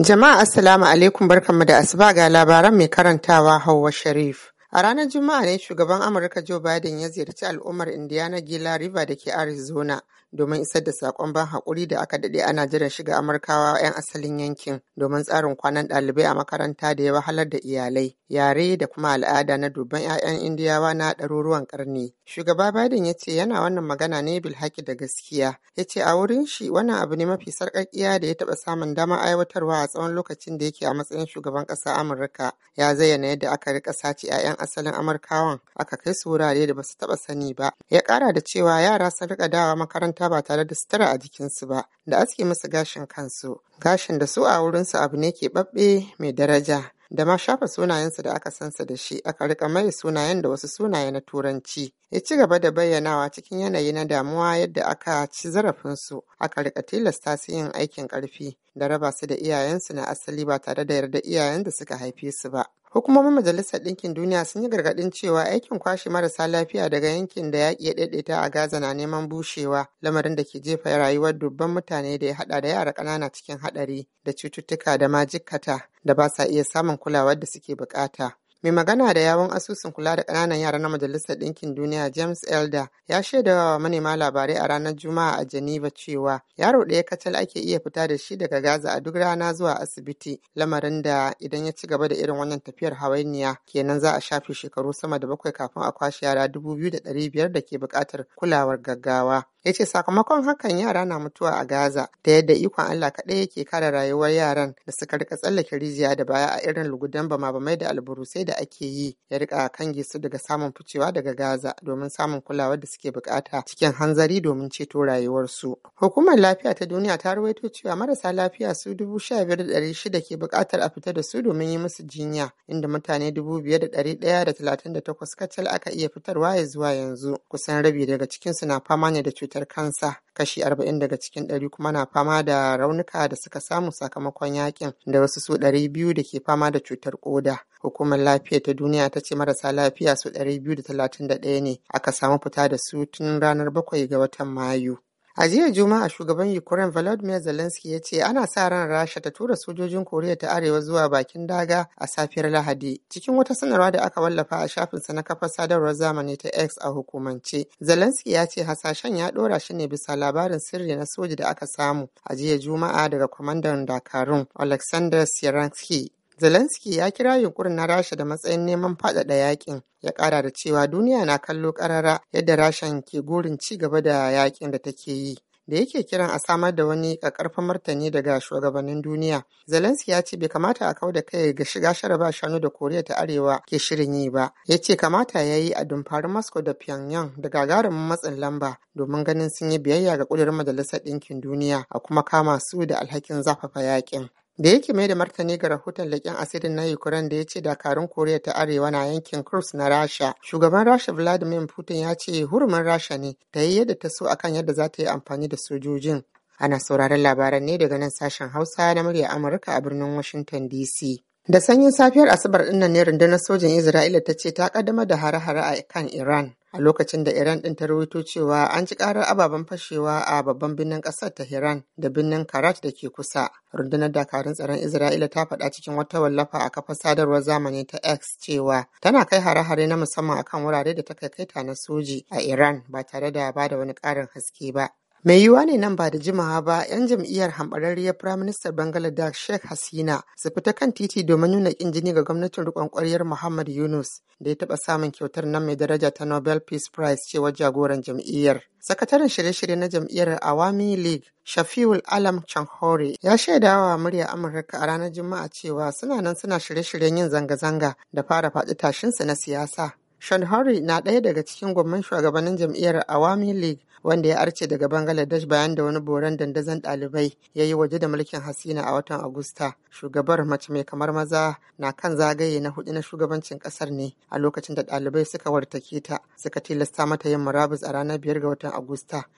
Jama'a Assalamu alaikum barkanmu da asuba ga labaran mai karantawa Hauwa Sharif. A ranar Juma'a ne shugaban Amurka Joe Biden ya ziyarci al'ummar Indiana Gila River da ke Arizona domin isar da sakon ban haƙuri da aka daɗe ana jiran shiga Amurkawa 'yan asalin yankin domin tsarin kwanan ɗalibai a makaranta da ya wahalar da iyalai, yare da kuma al'ada na dubban 'ya'yan Indiyawa na ɗaruruwan ƙarni. Shugaba Biden ya ce yana wannan magana ne bilhaki da gaskiya. Ya ce a wurin shi wannan abu ne mafi sarƙaƙiya da ya taɓa samun dama aiwatarwa a tsawon lokacin da yake a matsayin shugaban ƙasa Amurka. Ya zayyana yadda aka rika sace 'ya'yan asalin Amurkawan aka kai su wurare da basu taɓa sani ba. Ya kara da cewa yara sun rika dawa makaranta ba tare da sutura a jikinsu ba da aske musu gashin kansu. Gashin da su a wurinsu abu ne ke babbe mai daraja. da ma shafa sunayensa da aka sansa da shi aka rika mai sunayen da wasu sunaye na turanci ya ci gaba da bayyanawa cikin yanayi na damuwa yadda aka ci zarafinsu aka rika tilasta su yin aikin ƙarfi da raba su da iyayensu na asali ba tare da yarda iyayen da suka haife su ba. Hukumomin Majalisar Ɗinkin Duniya sun yi gargaɗin cewa aikin kwashe marasa lafiya daga yankin da yaƙi ya ɗaiɗaita a Gaza na neman bushewa, lamarin da ke jefa rayuwar dubban mutane da ya haɗa da yara ƙanana cikin haɗari da cututtuka da ma da ba sa iya samun kulawar da suke buƙata. Mai magana da yawon asusun kula da ƙananan yara na Majalisar Ɗinkin Duniya James Elder ya shaida wa manema labarai a ranar Juma'a a Geneva cewa yaro ɗaya kacal ake iya fita da shi daga Gaza a duk rana zuwa asibiti lamarin da idan ya ci gaba da irin wannan tafiyar hawainiya kenan za a shafe shekaru sama da bakwai kafin a kwashe yara dubu biyu da ɗari biyar da ke buƙatar kulawar gaggawa. ya ce sakamakon hakan yara na mutuwa a Gaza da yadda ikon Allah kaɗai yake kare rayuwar yaran da suka rika tsallake rijiya da baya a irin lugudan bama mai da alburusai da ake yi ya rika kange su daga samun ficewa daga Gaza domin samun kulawar da suke bukata cikin hanzari domin ceto rayuwarsu. Hukumar lafiya ta duniya ta rawaito cewa marasa lafiya su dubu sha biyar da dari shida ke bukatar a fita da su domin yi musu jinya inda mutane dubu biyar da ɗari ɗaya da talatin da takwas kacal aka iya fitarwa ya zuwa yanzu kusan rabi daga cikinsu na fama ne da cutar kansa kashi arba'in daga cikin ɗari kuma na fama da raunuka da suka samu sakamakon yakin da wasu su ɗari biyu da ke fama da cutar ƙoda. Hukumar Lafiya ta Duniya ta ce marasa lafiya su 231 ne aka samu fita da su tun ranar 7 ga watan Mayu. A jiya Juma'a shugaban Ukraine Volodymyr Zelensky ya ce ana sa ran Rasha ta tura sojojin Koriya ta Arewa zuwa bakin daga a safiyar Lahadi. Cikin wata sanarwa da aka wallafa a shafinsa na kafar sadarwar zamani ta X a hukumance, Zelensky ya ce hasashen ya dora shi ne bisa labarin sirri na soji da aka samu a jiya Juma'a daga kwamandan Dakarun Alexander sieransky Zelensky ya kira yunkurin na Rasha da matsayin neman faɗaɗa yakin ya ƙara da cewa duniya na kallo ƙarara yadda Rashan ke gurin ci gaba da yakin da take yi. da yake kiran a samar da wani ƙarfafa martani daga shugabannin duniya. Zelensky ya ce bai kamata a kau da kai ga shiga sharaba shanu da Koriya ta Arewa ke shirin yi ba. Ya ce kamata ya yi a dumfari Moscow da Pyongyang da gagarumin matsin lamba domin ganin sun yi biyayya ga ƙudurin Majalisar Ɗinkin Duniya a kuma kama su da alhakin zafafa yakin. da yake mai da martani ga rahoton leƙen asirin na ukraine da ya ce dakarun koriya ta arewa na yankin kurs na rasha shugaban rasha vladimir putin ya ce hurumin rasha ne ta yi yadda ta so akan yadda za ta yi amfani da sojojin ana sauraron labaran ne daga nan sashen hausa na murya amurka a birnin washington dc Da sanyin safiyar Asabar ɗinnan ne rundunar sojin Isra'ila ta ce ta ƙaddamar da hare-hare a kan Iran a lokacin da Iran ɗin ta rawaito cewa an ji ƙarar ababen fashewa a babban birnin ƙasar Tehran da birnin Karat da ke kusa. Rundunar dakarun tsaron Isra'ila ta faɗa cikin wata wallafa a kafar sadarwar zamani ta X cewa tana kai hare-hare na musamman akan wurare da ta kai na soji a Iran ba tare da ba da wani ƙarin haske ba. Mai yiwuwa ne nan ba da jimawa ba 'yan jam'iyyar hambararriyar Firaministan Bangaladesh Sheikh Hasina su fita kan titi domin nuna ƙin jini ga gwamnatin riƙon ƙwaryar Muhammad Yunus da ya taɓa samun kyautar nan mai daraja ta Nobel Peace Prize cewa jagoran jam'iyyar. Sakataren shirye-shirye na jam'iyyar Awami League Shafiul Alam Chanhori, ya shaida wa murya Amurka a ranar Juma'a cewa suna nan suna shirye-shiryen yin zanga-zanga da fara faɗi tashinsu na siyasa. Sean Hurry na ɗaya daga cikin gwamnan shugabannin jam'iyyar Awami League wanda ya arce daga Bangladesh bayan da wani boran dandazon ɗalibai ya yi waje da mulkin Hasina a watan Agusta. Shugabar mace mai kamar maza na kan zagaye na hudu na shugabancin ƙasar ne a lokacin da ɗalibai suka wartake ta suka tilasta mata yin murabus a ranar biyar ga watan Agusta